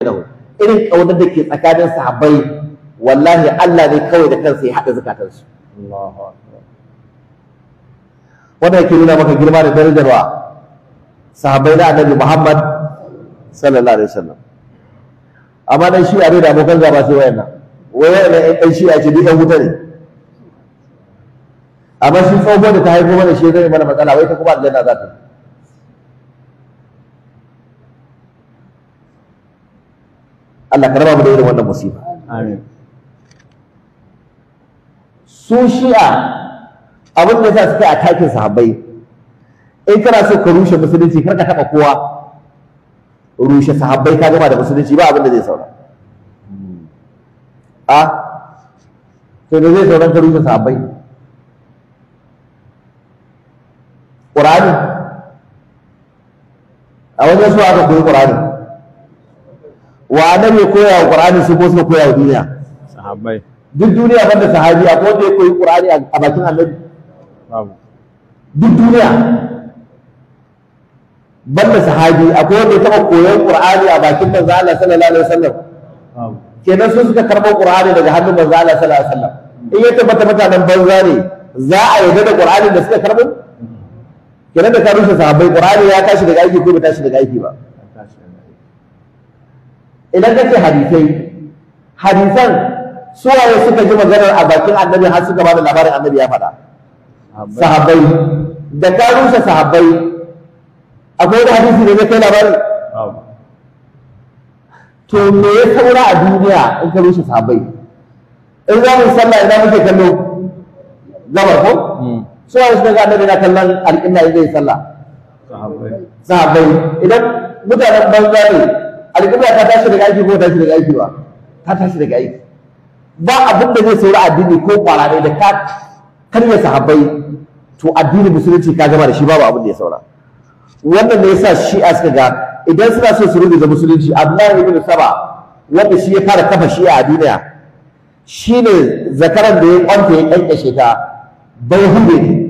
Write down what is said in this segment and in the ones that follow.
irin kaunar da ke tsakanin sahabbai wallahi Allah ne kawai da kansa ya haɗa zukatansu wanda yake nuna maka girma da darajar wa sahabbai na annabi Muhammad sallallahu alaihi wasallam amma dan shi ne da abokan gaba sai wayanna, waye ɗan ɗan shi'a ce duk ɗan wuta ne amma shi tsohuwar da ta haifo mana shi zai mana matsala wai ta kuma aljanna za ta yi Allah ka raba mu da irin wannan musiba su shi'a abin da yasa suke takin sahabbai in kana so ka rushe musulunci kar ka taba kowa rushe sahabbai ka gama da musulunci ba abin da zai saura a to da zai sauran ka rushe sahabbai ƙur'ani a wajen su aka koyi ƙur'ani wa adam ya koya wa qur'ani su ko suka koya wa duniya sahabbai duk duniya banda sahabi a wanda ya koyi qur'ani a bakin annabi babu duk duniya banda sahabi akwai wanda ya taba koyon qur'ani a bakin manzo Allah sallallahu alaihi wasallam kenan su suka karɓo qur'ani daga hannun manzo Allah sallallahu alaihi wasallam in ya tabbata mutanen banza ne za a yarda da qur'ani da suka karɓo mm. kenan da ka rusa sahabbai qur'ani ya tashi daga aiki ko bai tashi daga aiki ba idan kake hadisai hadisan suwaye suka ji maganar a bakin annabi har suka ba da labarin annabi ya faɗa sahabbai da ka rusa sahabbai akwai da hadisi da zai kai labari to me ya saura a duniya in ka rushe sahabbai in za mu sallah idan muke kallo gabar ko hmm. suwaye suka ga annabi na kallon alƙinna zai sallah sahabbai idan mutanen banza ne alƙibla ta tashi daga aiki ko tashi daga aiki ba ta tashi daga aiki ba abin da zai sauri addini ko kwarare da ka karya sahabbai to addini musulunci ka gama da shi babu abin da ya saura wannan ne yasa shi'a suka ga idan suna so su rubuta musulunci Abdullahi ibn Saba wanda shi ya fara kafa shi a duniya shine zakaran da ya kwanta ya kankashe ta bai hude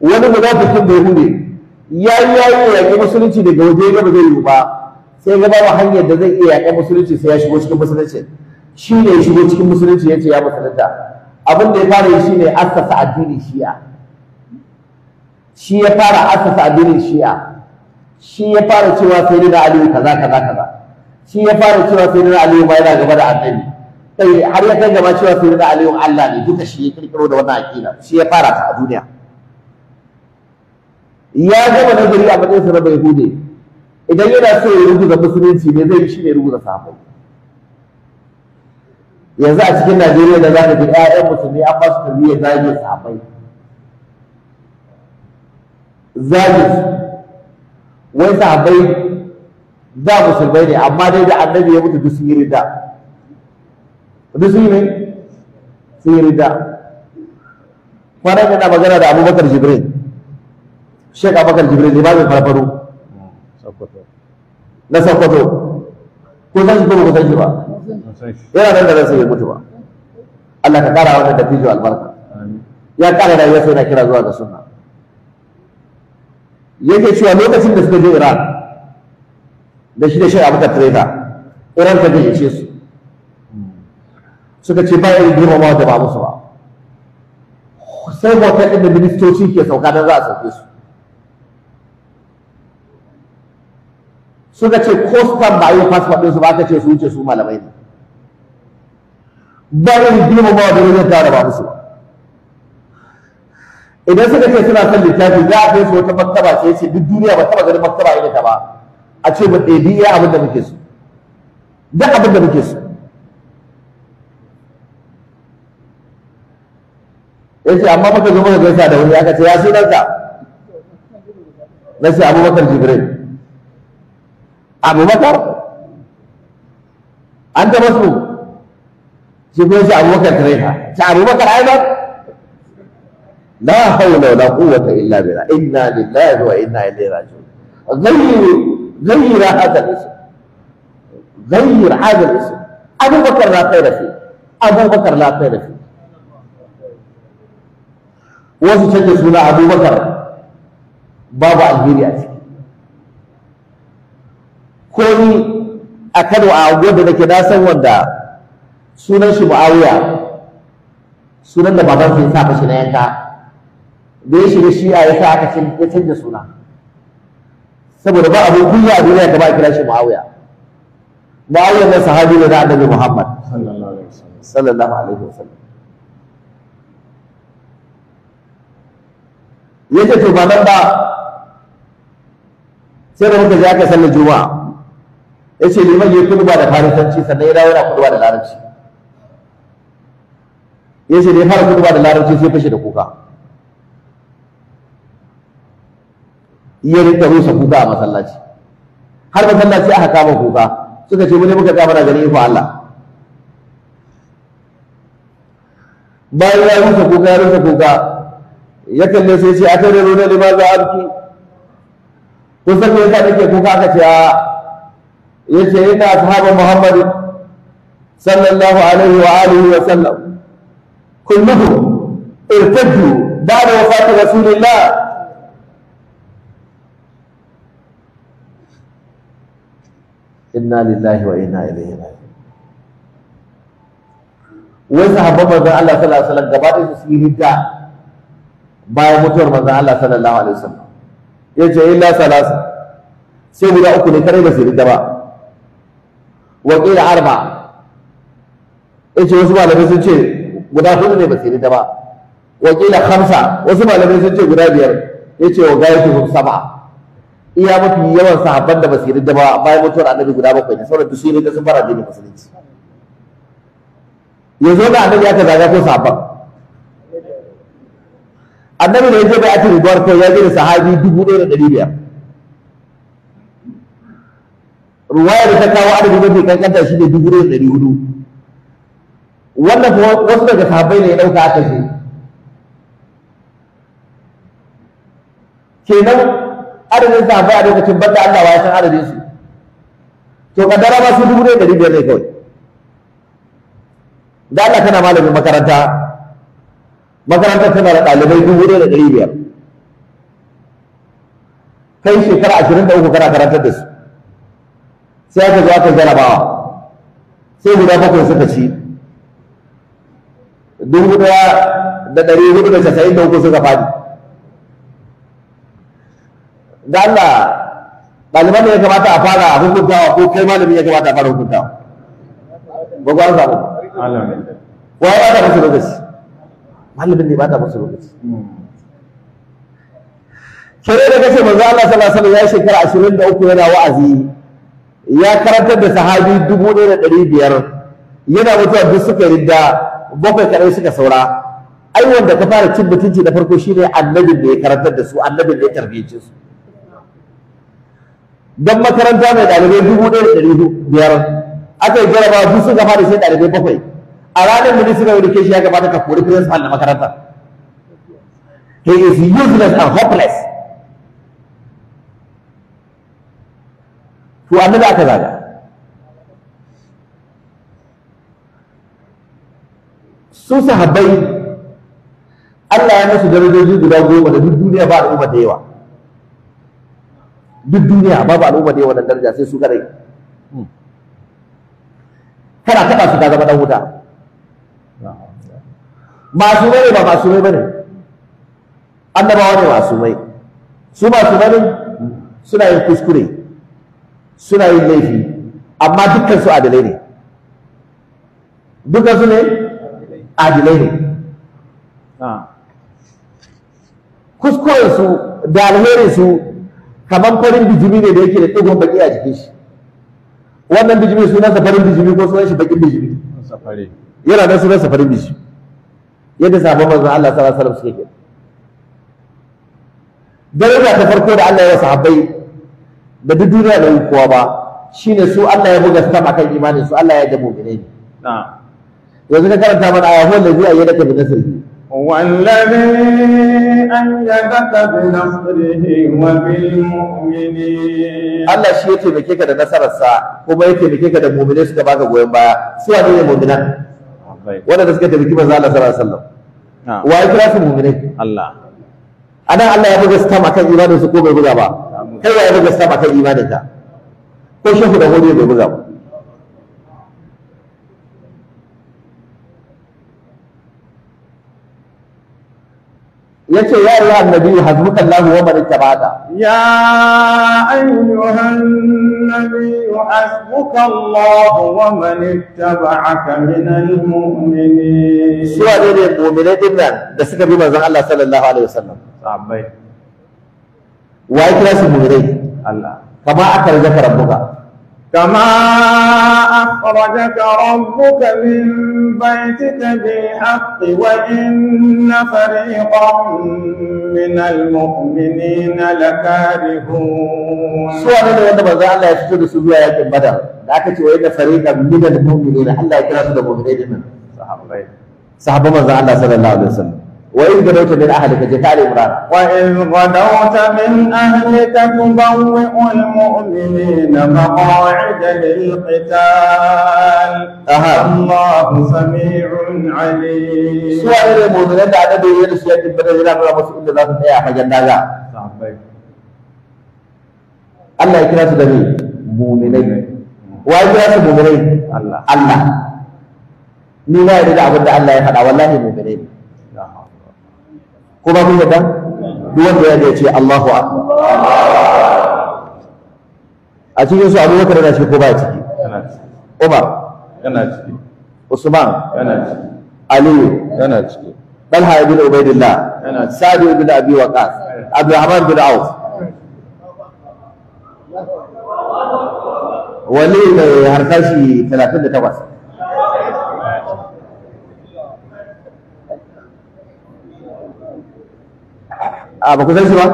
wani munafikin bai hude yayi yayi ya musulunci daga waje gaba zai yi ba sai ga babu hanyar da zai iya yaƙar musulunci sai ya shigo cikin musulunci shi ne ya shigo cikin musulunci ya ce ya musulunta abin da ya fara yi shi ne assasa addini shi'a shi ya fara assasa addinin shi'a shi ya fara cewa sai da aliyu kaza kaza kaza shi ya fara cewa sai da aliyu ba yana gaba da addini sai har ya kai gaba cewa sai da aliyu Allah ne duka shi ya kirkiro da wannan aqida shi ya fara ta a duniya ya gama nazari a matsayin sa na bai hude idan yana so ya ruguza musulunci ne zai shi ne ruguza sahabbai yanzu a cikin najeriya da za ka ji 'ya'yan musulmi an ba su tarbiyyar zagin sahabbai zagin wai sahabbai da musulmai ne amma dai da annabi ya mutu duk sun yi rida duk sun yi ne sun yi rida kwanan yana magana da abubakar jibril shek abubakar jibril ne ba mai farfaro na sakwato ko san shi ko ba shi ba yana nan da sai mutu ba Allah ka kara wannan tafiyo albarka ya kara da sai na kira zuwa ga sunna yake cewa lokacin da suka je Iran da shi da shi abu trailer Iran ta gayyace su suka ce ba irin girmamawa da ba musu ba sai wata inda da ministoci ke sauka don za a sauke su suka ce kostan ba yi fasfot su ba ka ce su wuce su malamai ne ba yin girma ba da wajen tara ba musu idan suka ce suna son littafi za a kai su wata maktaba sai ce duk duniya ba taba ganin maktaba irin ta ba a ce ba ɗebi ya abin da muke so duk abin da muke so ya ce amma muka zo da gaisa da wani aka ce ya sunanka na ce abubakar jibril أبو بكر أنت مسلوب جبريل جاء أبو بكر كريهة جاء أبو بكر أيضا لا حول ولا قوة إلا بالله إنا لله وإنا إليه راجعون غير غير هذا الاسم غير هذا الاسم أبو بكر لا خير فيه أبو بكر لا خير فيه وسجد سنة أبو بكر بابا أجيري أجيري ko ni a Kano a unguwar da nake na san wanda sunan shi Muawiya sunan da baban sa sa fashi na yanka da ya shiga shi'a ya sa aka ya canza suna saboda ba abin kunya a duniya da ba a kira shi Muawiya Muawiya na sahabi ne na Annabi Muhammad sallallahu alaihi wasallam yace to ba nan ba sai da muka je aka sallar juma'a ya ce liman ya kudu ba da farisanci sannan ya dawo yana kudu ba da larabci ya ce da ya fara kudu ba da larabci sai fashe da kuka iya rinka rusa kuka a masallaci har masallaci aka kama kuka suka ce wani muka kama na ganin iko Allah bayan ya rusa kuka ya rusa kuka ya kalle sai ce a tare rona limaza abki kun san me yasa nake kuka aka ce a yace ina ashabu muhammad sallallahu alaihi wa alihi wa sallam kulluhum irtaddu بعد وفاة رسول الله inna lillahi wa inna ilaihi raji'un wai sahabban manzon Allah sallallahu alaihi wasallam gaba da su yi hidda bayan mutuwar manzon Allah sallallahu alaihi wasallam yace illa salasa sai guda uku ne kare ba su hidda ba wa Arba ya ce wasu malamai sun ce guda hudu ne ba su yi ba wa qila khamsa wasu malamai sun ce guda biyar ce wa gayatuhum sab'a iya mafi yawan sahabban da ba su yi ba bayan mutuwar annabi guda bakwai ne sauran su yi ta sun fara addinin musulunci yanzu da annabi ya aka zaga ko sahabban annabi da ya je bai ati rigwar kai ya je da sahabi dubu ɗaya da ɗari biyar ruwaya da ta kawo adadin mafi kankanta shi ne dubu da ɗari hudu wannan kuma wasu daga sahabbai ne ya ɗauka aka ce kenan adadin sahabbai a lokacin banda Allah ya san adadin su to kaddara ba su dubu da ɗari biyar ne kawai da Allah kana malamin makaranta makarantar tana da ɗalibai dubu da ɗari biyar kai shekara ashirin da uku kana karantar da su sai aka zo aka jarabawa sai guda bakwai suka ci dubu ɗaya da ɗari hudu da casa'in da uku suka faɗi da Allah ɗaliban da ya kamata a fara hukuntawa ko kai malamin ya kamata a fara hukuntawa ba zaɓo wa ya ta musu lokaci malamin ne ta musu lokaci kare da kace manzo Allah sallallahu alaihi wasallam ya shekara 23 yana wa'azi ya karantar da sahabi dubu ɗaya da ɗari biyar yana mutuwa duk suka yi da bakwai kaɗai suka saura ai wanda ka fara cin mutunci na farko shine annabin da ya karantar da su annabin da ya tarbiyyace su don makaranta mai ɗalibai dubu ɗaya da ɗari biyar aka yi jarabawa duk suka fara sai ɗalibai bakwai a ranar ministry kai shi ya gabata ka kori principal na makaranta he is useless and hopeless to annabi aka zaga su sahabbai Allah ya musu darajoji guda goma da duk duniya ba al'umma da yawa duk duniya babu al'umma da yawa da daraja sai su kadai kana taba su ka zama ɗan wuta masu mai ba masu mai bane annabawa ne masu mai su masu bane suna yin kuskure suna yin laifi amma dukkan su adalai ne dukkan su ne adalai ne kuskuren su da alherinsu su kamar farin bijimi ne da yake da ɗigon baƙi a jikin shi wannan bijimi sunan safarin farin bijimi ko sunan shi bakin bijimi yana da sunan farin bijimi yadda sabon manzon Allah sallallahu alaihi wasallam suke daraja ta farko da Allah ya wa da duk duniya da kowa ba shine su Allah ya buga sama akan imanin su Allah ya da mu'minai yanzu ka karanta mana aya huwa allazi ayyadaka bi nasrihi huwa an ayyadaka bi nasrihi wa bil mu'minin Allah shi ya taimake ka da nasararsa kuma ya taimake ka da mu'minai suka baka goyon baya su wane ne mu'minan wanda da suka taimaki manzo Allah sallallahu alaihi wasallam wa ya kira su mu'minai Allah ana Allah ya buga sama akan imanin su ko bai buga ba kai ya buga stamp akan imaninka ko shehu da hodiyo bai buga ba yace ya ayyuhan nabi hasbuka Allah wa man ittaba'aka ya ayyuhan nabi hasbuka Allah wa man ittaba'aka min al-mu'minin suwa ne mu'minai din nan da suka bi manzon Allah sallallahu alaihi wasallam sahabbai wa ya kira su mu'minai Allah kama aka rajaka rabbuka kama akhrajaka rabbuka min baytika bil haqqi wa inna fariqan min al mu'minina lakarihun su wanda da wanda manzo Allah ya fito da su zuwa yakin badar da aka ce wa inna fariqan min al mu'minina Allah ya kira su da mu'minai din sahabbai sahabban manzo Allah sallallahu alaihi wasallam وإن غدوت من أهلك جتال إمران وإن غدوت من أهلك تبوئ المؤمنين مقاعد للقتال أها. الله سميع عليم سواء المؤمنين بعد بيين سيادة البلد لا بلا مسؤول الله تتعي أحد جندا الله يكرا سدني مؤمنين وأجرا مؤمنين الله الله ni na yarda الله abin والله مؤمنين ko ba kun yadda duk wanda ya ce Allahu akbar a cikin su Abubakar da shi ko ba ciki Umar yana ciki Usman yana ciki ali yana ciki Talha ibn Ubaidillah yana Sa'd ibn Abi waqas abu rahman bin Auf wali mai harkashi 38 a ba ku san shi ba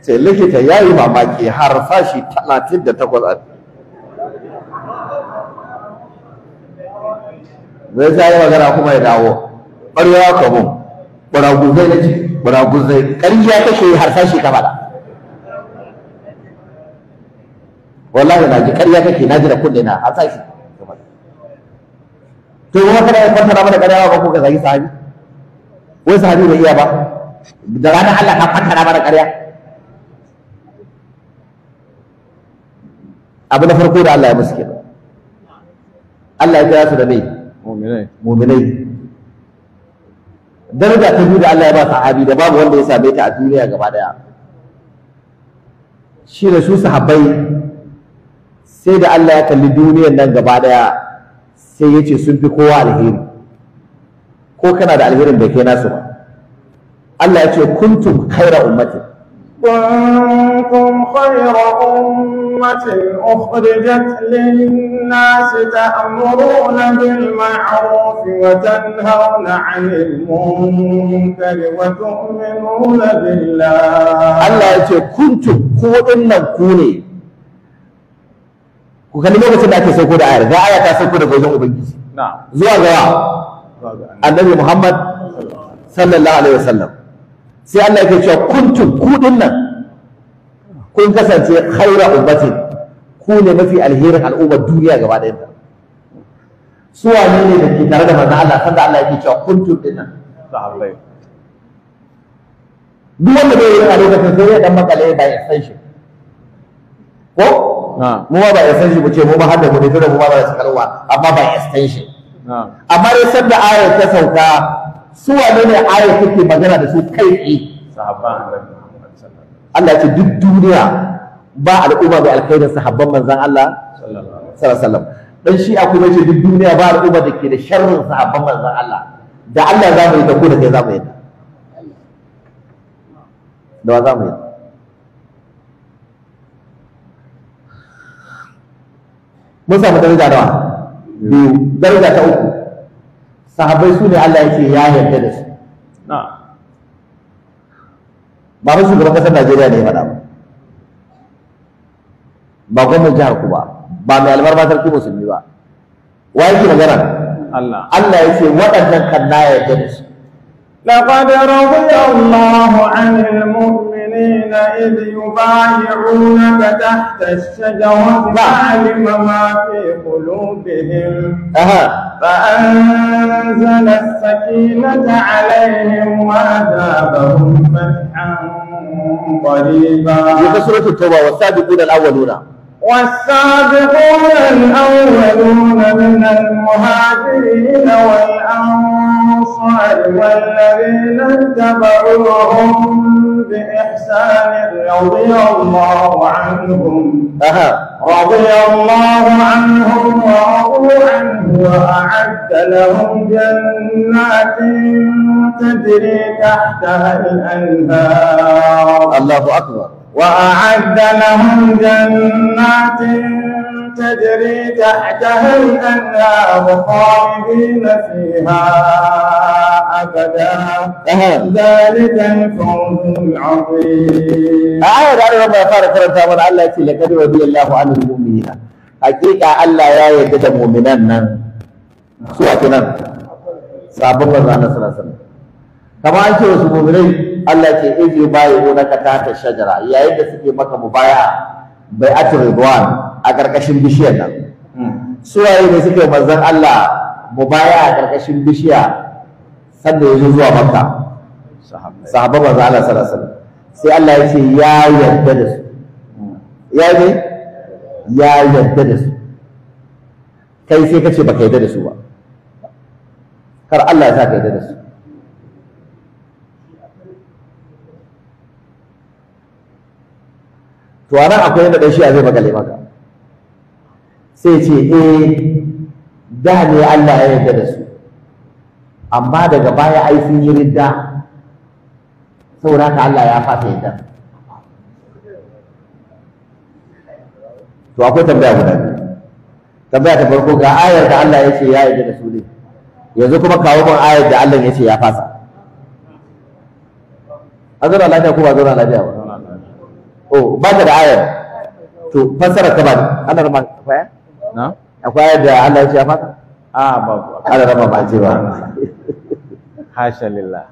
sai likita ya yi mamaki har fashi talatin da takwas a zai ta yi magana kuma ya dawo ƙwarya ka ɓaraguzai ƙwaraguzai na ce ƙwaraguzai ƙarya kake yi har fashi ka faɗa wallahi na ji ƙarya kake na ji da kullina har fashi to kuma da ya fassara mana ƙarya ba ko ka zagi sahabi wai sahabi bai iya ba da ranar Allah ka fassara mana ƙarya abu na farko da Allah ya musu kenan Allah ya kira su da mai mu'minai mu'minai daraja ta biyu da Allah ya ba sahabi da babu wanda ya same ta a duniya gaba daya shi da su sahabbai sai da Allah ya kalli duniyar nan gaba daya sai ya ce sun fi kowa alheri ko kana da alherin da ke nasu ba Allah ya ce kuntum khaira ummati kuntum khaira ummati ukhrijat lin-nas ta'muruna bil ma'ruf wa tanhauna 'anil munkar wa tu'minuna billah Allah ya ce kuntum ko dinnan ku ne ku kalli lokacin da ake sauko da ayar ga aya ta sauko da gozon ubangiji zuwa ga annabi muhammad sallallahu alaihi wasallam sai Allah yake cewa kuntum ku dinnan kun kasance khaira ummatin ku ne mafi alherin al'ummar duniya gaba ɗayan ta su wane ne da ke tare da manzo Allah sanda Allah yake cewa kuntum dinnan duk wanda bai yi a lokacin sai ya dan makale ba ya san shi ko mu ma ba extension mu ce mu ma hadda mu ne tare mu ma ba sakarwa amma ba extension amma dai sanda ayar ta sauka su wane ne ayar take magana da su kai tsaye Allah ce duk duniya ba al'umma da alkhairin sahabban manzon Allah sallallahu alaihi wasallam dan shi a kuma ce duk duniya ba al'umma da ke da sharrin sahabban manzon Allah da Allah za mu yi da ko da kai za mu yi da wa za mu yi mun samu daraja nawa biyu daraja ta uku sahabbai su ne Allah yake ya yarda da su ba mu shugaban kasar Najeriya ne ya faɗa ba ba gwamnan jihar ku ba ba mai albarba sarki musulmi ba wa yake magana Allah Allah yake waɗannan kan na yarda da su laqad radiya Allahu 'anil mu'minin الذين إذ يبايعونك تحت الشجرة فعلم ما في قلوبهم أها. فأنزل السكينة عليهم وأذابهم فتحا قريبا سورة التوبة والسابقون الأولون والسابقون الأولون من المهاجرين والأنصار والذين اتبعوهم بإحسان رضي الله عنهم أها. رضي الله عنهم ورضوا عنه وأعد لهم جنات تجري تحتها الأنهار الله أكبر وأعد لهم جنات تجري تحتها الأنهار خالدين فيها أبدا ذلك الفوز العظيم آية دعنا ربنا فارق فرنسا من الله يتي لقد رضي الله عن المؤمنين حقيقة الله يا يدد مؤمنان سوى كنان sabon manzo Allah sallallahu alaihi wasallam kamar an ce wasu mu'minai Allah ce in na unaka ta shajara yayin da suke maka mubaya bai'atul ridwan a ƙarƙashin bishiyar nan suwaye ne suke yi Allah mu baya a ƙarƙashin bishiya sanda ya zo zuwa makka sahaba manzon Allah sallallahu alaihi wasallam sai Allah ya ce ya yarda da su ya ne ya yarda da su kai sai ka ce baka yarda da su ba kar Allah ya sa ka yarda da su to nan akwai yadda ɗan shi zai makale maka sai ce eh da ne Allah ya yarda da su amma daga baya ai sun yi ridda saboda Allah ya fasa yarda to akwai tambaya guda tambaya ta farko ga ayar da Allah ya ce ya yarda da su ne yanzu kuma kawo mun ayar da Allah ya ce ya fasa an zauna lafiya ko ba zauna lafiya ba oh ba da ayar to fassara ta ba ana ma faya na akwai da Allah ya fata a babu kada raba ba ce ba hasha lillah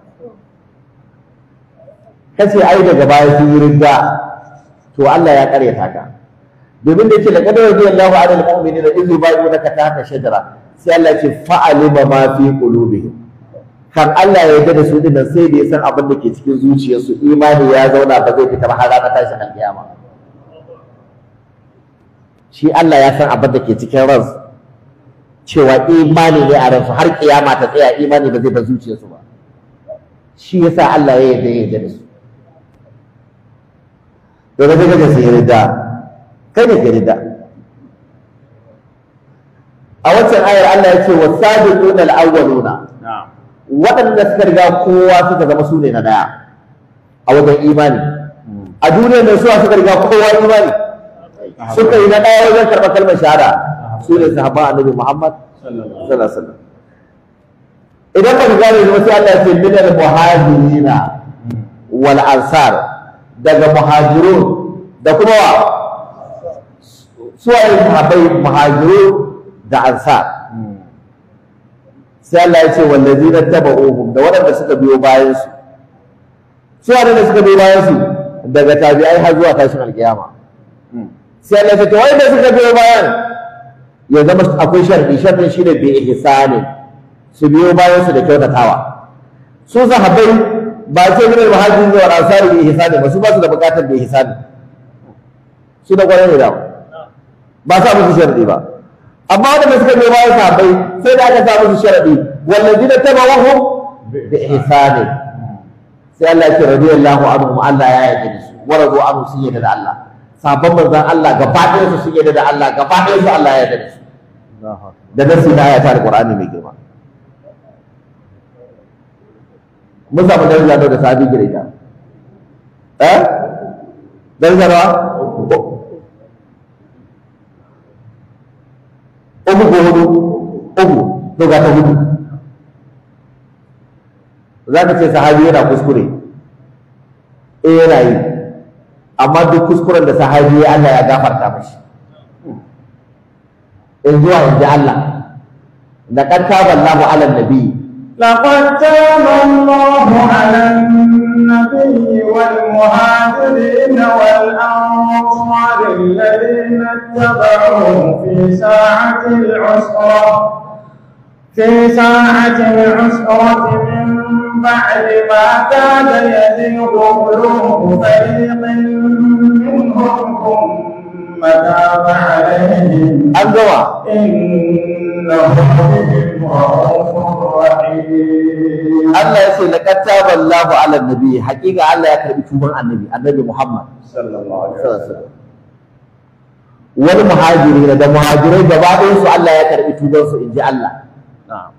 kace ai daga baya sun yi ridda to Allah ya kare ta ka domin da yake laqad radiyallahu anil mu'minina idh yubayyi'unaka tahta shajara sai Allah ce fa'alima ma fi qulubihim kan Allah ya yarda da su dinnan sai da ya san abin da ke cikin zuciyarsu imani ya zauna ba zai fita ba har tashi tashin alkiyama shi Allah ya san abin da ke cikin ran cewa imani ne a su har kiyama ta tsaya imani ba zai ba zuciyarsu ba shi yasa Allah ya yarda ya yarda da su to da kake sai yarda kai ne yarda a wancan ayar Allah ya ce sabiqun al-awwaluna waɗanda suka riga kowa suka zama su ne na daya a wajen imani hmm. a duniyar da suwa suka riga kowa imani suka yi na ɗaya wajen karɓar kalmar shahada su ne sahabban annabi Muhammad sallallahu alaihi wasallam idan ba ka gane ba sai Allah ya ce minal muhajirina wal ansar daga muhajirun da kuma wa suwaye sahabbai muhajirun da ansar sai Allah ya ce taba tabauhum da waɗanda suka biyo bayan su su waɗanda suka biyo bayan su daga tabi'ai har zuwa tashin alkiyama sai Allah ta wai da suka biyo bayan ya zama akwai sharadi sharadin shine bi ihsani su biyo bayan su da kyautatawa su sahabbai ba sai ne muhajirin da ansari bi ihsani ba su ba su da bukatar bi ihsani su da gwanin da ba sa musu sharadi ba amma da suka biyo bayan sahabbai sai da aka sa musu sharadi wallazina tabawahum bi ihsani sai Allah ya ce radiyallahu anhum Allah ya yarda da su wa sun anhu da Allah sabon manzan Allah gaba ɗaya su sun yadda da Allah gaba ɗaya su Allah ya yarda da su da nasi na ayata alqur'ani mai girma mun samu daraja da sabi girga eh daraja da uku ko hudu uku to ga ta hudu za ka ce sahabi yana kuskure eh yana yi amma duk kuskuren da sahabi ya Allah ya gafarta mashi in zuwa yanzu Allah da kan taba Allahu ala nabi laqad taba Allahu ala nabi wal muhajirin wal ansar alladhina ittaba'uhu fi sa'ati al-usra fi sa'ati al-usra بعد ما كان يزيغ قلوب فريق منهم ثم تاب عليهم إنه بهم رؤوف رحيم الله يسير لك تاب الله على النبي حقيقة الله يكرم توبة النبي النبي محمد صلى الله عليه وسلم والمهاجرين muhajiri daga muhajirai gaba ɗayansu Allah ya karɓi tubansu in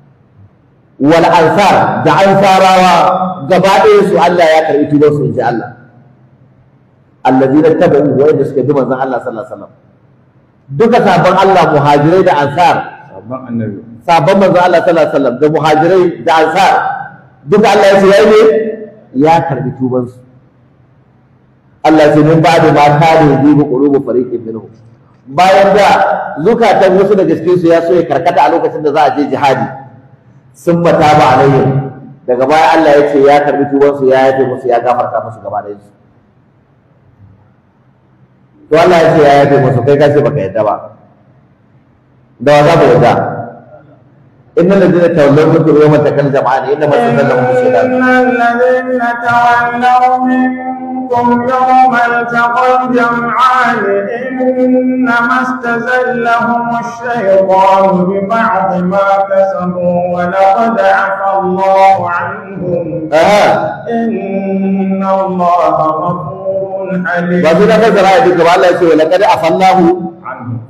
wal ansar da ansarawa gaba ɗaya su Allah ya karɓi tuban su inji Allah na allazina yi wa yadda suka bi manzon Allah sallallahu alaihi wasallam duka sabon Allah muhajirai da ansar sabon annabi manzon Allah sallallahu alaihi wasallam da muhajirai da ansar duka Allah ya ce yayi ne ya karɓi tuban su Allah ce min ba'da ma kare bi qulubu fariqin minhum bayan da zukatan wasu daga cikin su ya so ya karkata a lokacin da za a je jihadi sun mata ba alaihim daga baya Allah ya ce ya karbi tubansu ya yafe musu ya gafarta musu gaba da yansu to Allah ya ce ya yafe musu kai ka ce baka yadda ba da wa za ka yadda إن الذين تولوا منكم يوم التقى الجمعان إنما استزلهم الشيطان إن الذين تولوا منكم منكم يوم التقى الجمعان إنما استزلهم الشيطان ببعض ما كسبوا ولقد عفى الله عنهم إن الله غفور حليم. ba su da duka ba Allah ya ce wa a afannahu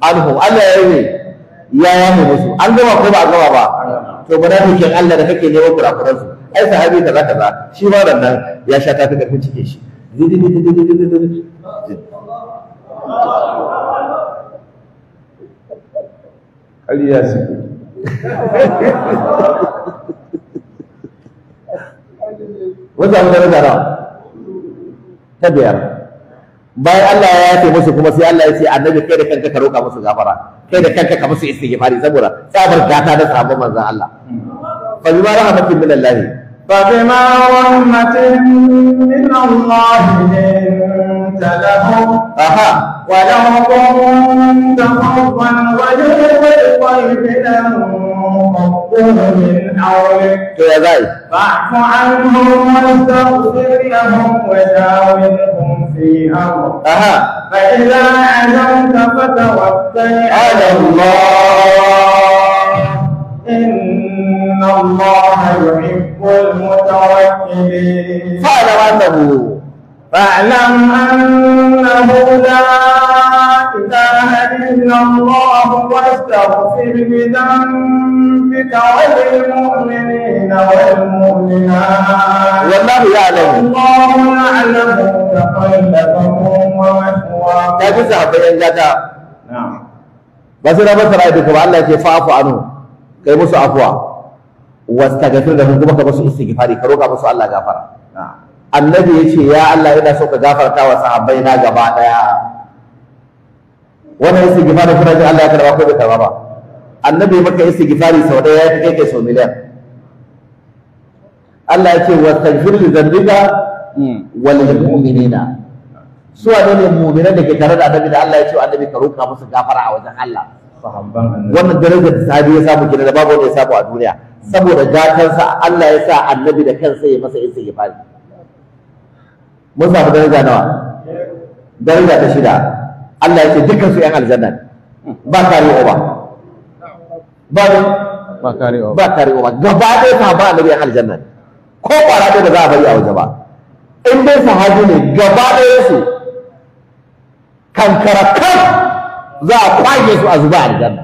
anhum Allah ya yi ya yamu musu an gama ko ba a gama ba to ba da Allah da kake neman kurakuransu ai sahabi kaza kaza shi ma nan ya sha ta fi cike shi ƙarya su wanda abu da zara ta biyar bayan Allah ya yafe musu kuma sai Allah ya ce annabi kai da kanka ka roƙa musu gafara kai da kanka ka musu istighfari saboda tsabar gata da sabon manzon Allah fa bima rahmatin min Allah فبما رحمة من الله لنت لهم أها ولو كنت فظا غير القلب لانفضوا من حولك فاعف عنهم واستغفر لهم وجاورهم في امر أها فإذا عزمت فتوكل على الله إن Fa’ala wanda mu, fa’alam annahu la ta hari na mu kai musu afuwa. wastaghfir lahum kuma ka basu istighfari ka roƙa musu Allah gafara annabi ya ce ya Allah ina so ka gafarta wa sahabbai na gaba daya wannan istighfari kuna ji Allah ya karba ko bai karba ba annabi maka istighfari sau daya ya fi kai kai sau miliyan Allah ya ce wastaghfir li dhanbika wa lil mu'minina su ne mu'minan da ke tare da annabi da Allah ya ce annabi ka roƙa musu gafara a wajen Allah wannan darajar da sahabi ya samu kenan da babu wanda ya samu a duniya saboda gatansa Allah ya sa annabi da kansa ya masa istighfari mun samu daraja nawa daraja ta shida Allah ya ce dukkan su yan aljanna ba kare o ba ba kare ba kare oba gaba ɗaya ta ba annabi yan aljanna ko kwara ɗaya da za a bari a waje ba in dai sahabi ne gaba ɗaya su kankara kan za a kwage su a zuba aljanna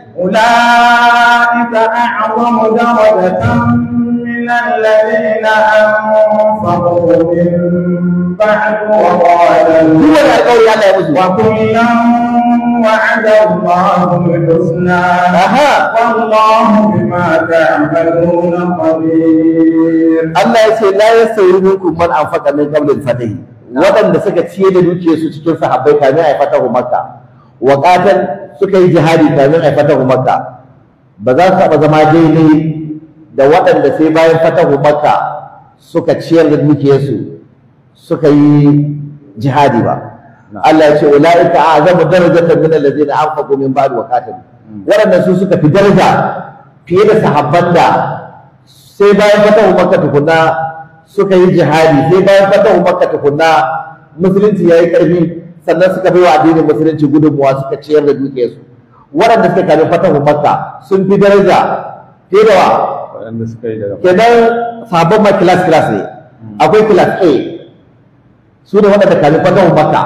أولئك أعظم درجة من الذين أنفقوا من بعد وقالوا وكلا وعد الله الحسنى والله بما تعملون قدير الله يسير لا يستوي منكم من أنفق من قبل الفتح waɗanda suka ciye da dukiyarsu cikin sahabbai kamin a fatahu makka wa suka yi jihadi kamin a fatahu makka ba za su zama daidai da waɗanda sai bayan fatahu makka suka ciyar da dukiyarsu suka yi jihadi ba Allah ya ce ulaika a'zamu darajatan min alladhina anfaqu min ba'd wa qatalu hmm. waɗanda su suka fi daraja fiye da sahabban da sai bayan fatahu makka tukunna suka yi jihadi sai bayan fatahu makka tukunna musulunci yayi karfi sannan suka bai wa addinin musulunci gudunmuwa suka ciyar da dukiyarsu waɗanda suka kafin fatahu makka sun fi daraja ke da wa kenan sabon mai class class ne akwai class A su ne waɗanda kafin fatahu makka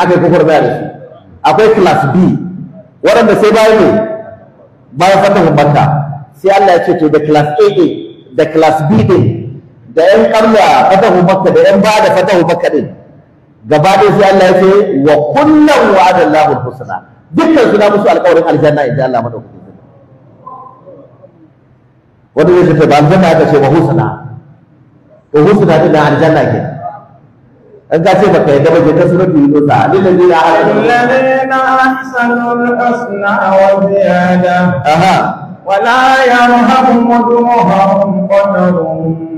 aka yi kufur da su akwai class B waɗanda sai bayan ne bayan fatahu makka sai Allah ya ce to da class A ne da class B ne da 'yan ƙarya fatahu makka da 'yan ba da fatahu makka ne. gaba ɗaya sai Allah ya ce wa kullum wa adallahu husna dukkan su na musu alƙawarin aljanna inda Allah madaukakin sarki wanda zai ce ba aljanna aka ce wa husna to husna din aljanna ke an ka ce baka yadda ba je ka sunan biyu dosa lillazina alladhina ahsanul husna wa ziyada aha ولا يرهب وجوههم قدر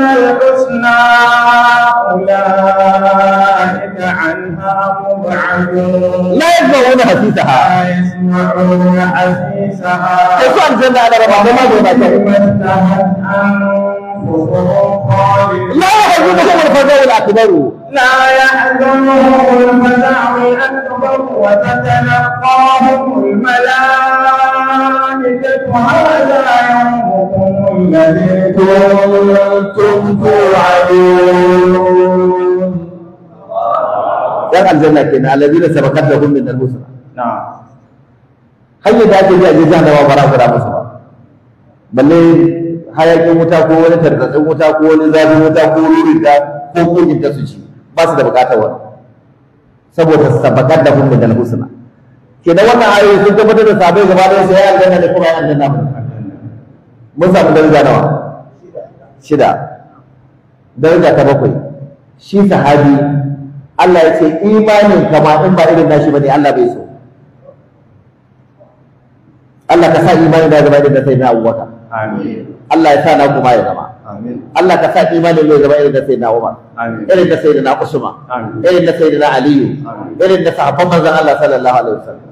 الحسنى أولئك عنها مبعدون لا يسمعون حسيسها لا يسمعون حسيسها كيف أنزلنا على ربما ما دون لا يحزنهم الفزع الأكبر لا يحزنهم الفزع الأكبر وتتلقاهم الملائكة هذا يومكم الذي كنتم توعدون yan aljanna kenan alladina sabakat lahum min al-husna na'am hanyar da ake bi a jihar da ba fara fara musu ba balle hayakin wuta ko wani tartatsin wuta ko wani zafi wuta ko da ko kogin ta su ci ba su da bukatar wani saboda sabakat lahum min al Ke da wannan ayoyi sun tabbatar da sabai gaba da sai aljanna da kuma yan aljanna mun samu daraja nawa shida daraja ta bakwai shi sahabi Allah ya ce imanin kama in ba irin nashi bane Allah bai so Allah ka sa imanin da zama irin da sai na Abubakar amin Allah ya sa na kuma ya zama amin Allah ka sa imanin da zama irin da sai na Umar amin irin da sai na Usman amin irin da sai na Aliyu irin da sahabban manzon Allah sallallahu alaihi wasallam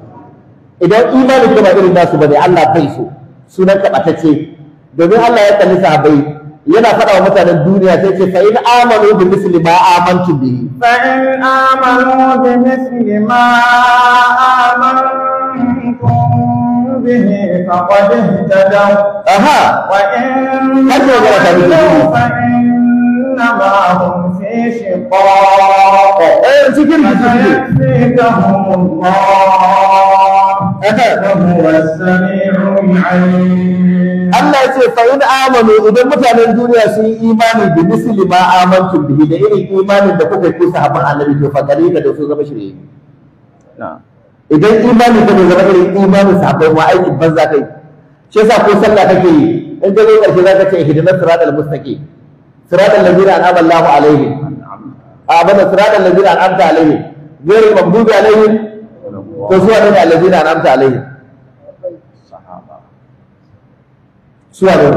idan imanin ka irin nasu bane Allah bai so sunan ka batacce domin Allah ya kalli sahabai yana faɗa wa mutanen duniya sai ce fa in amanu bi misli ma amantu bi. fa in amanu bi misli ma amantum bihi faqad ihtadaw aha wa in tadillu fa innama hum fi shiqaq eh zikir zikir Allah wa huwa as-sami'ul 'alim Allah ya ce fa in amanu idan mutanen duniya sun yi imani da misli ma amantum bihi da irin imanin da kuka yi sahabban annabi to fa kalila da su zama shirye idan imani ka zama irin imanin sahabbai ma aiki banza kai shi yasa ko sallah kake yi in dai karshe zaka ce ihdina siratal mustaqim siratal ladina an'ama Allahu alaihim a bana siratal ladina an'amta alaihim ghayril maghdubi alaihim ko suwa ne alladina an'amta alaihim suwa da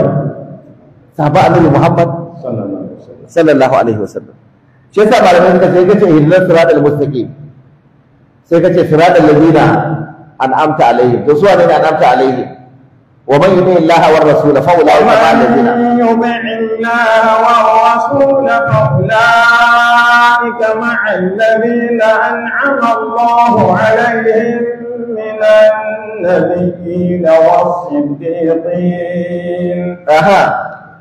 sahaba annabi Muhammad sallallahu alaihi wasallam shi yasa malamai suka sai kace ihdina siratal mustaqim sai kace siratal ladina an'amta alaihim to suwa ne an'amta alaihim ومن يطع الله والرسول فاولئك مع الذين ومن يطع الله والرسول فاولئك مع الذين انعم الله عليهم من النبيين والصديقين أها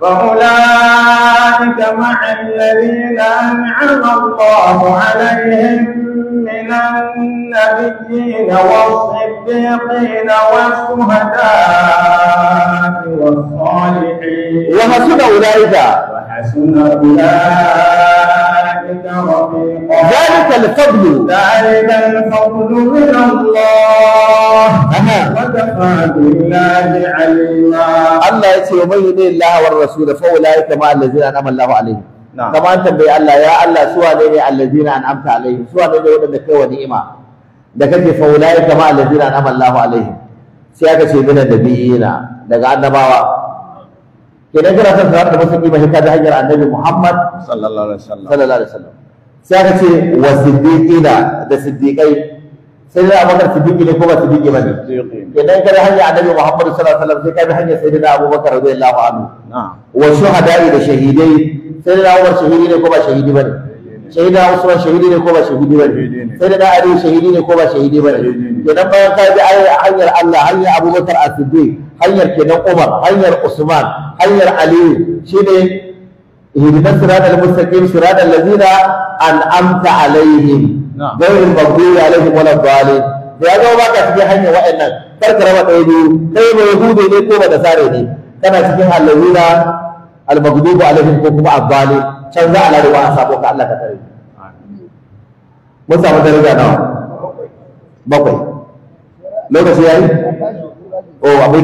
فاولئك مع الذين انعم الله عليهم من النبيين والصديقين والشهداء والصالحين وحسن أولئك وحسن أولئك رفيقا ذلك الفضل ذلك الفضل من الله وكفى بالله عليما الله يتي ومن يدين الله والرسول فأولئك ما الذين أنعم الله عليهم kamar an tambayi Allah ya Allah su wane ne allazina an'amta alaihim su wane ne wadanda kai wa ni'ima da kake fa ulai kama allazina an'ama Allah alaihim sai aka ce mina nabiyina daga annabawa kenan kana son sanar da shi ka hikaya hanyar annabi Muhammad sallallahu alaihi wasallam sallallahu alaihi wasallam sai aka ce wa siddiqina da siddiqai sai da abubakar siddiqi ne ko ba siddiqi ba ne idan ka bi hanyar annabi muhammadu sallallahu alaihi wasallam sai ka bi hanyar sai da abubakar radiyallahu anhu wa shuhada'i da shahidai sai da umar shahidi ne ko ba shahidi ba ne sai da usman shahidi ne ko ba shahidi ba ne sai da ali shahidi ne ko ba shahidi ba ne idan bayan ka bi hanyar Allah hanyar abubakar as-siddiq hanyar kenan umar hanyar usman hanyar aliyu shine اهدنا الصراط المستقيم صراط الذين انعمت عليهم غير المغضوب عليهم ولا الضالين da ya zama baka cikin hanyar wa'annan kar ka raba ɗaya biyu kai mai hudu ko ba sare ne kana cikin allazina almaghdubu alaihim ko kuma azzali can za lari wa a ka Allah ka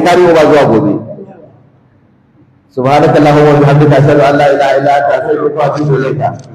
tare zuwa gobe subhanakallahumma wa bihamdika ashhadu an la ilaha illa anta astaghfiruka wa atubu ilayk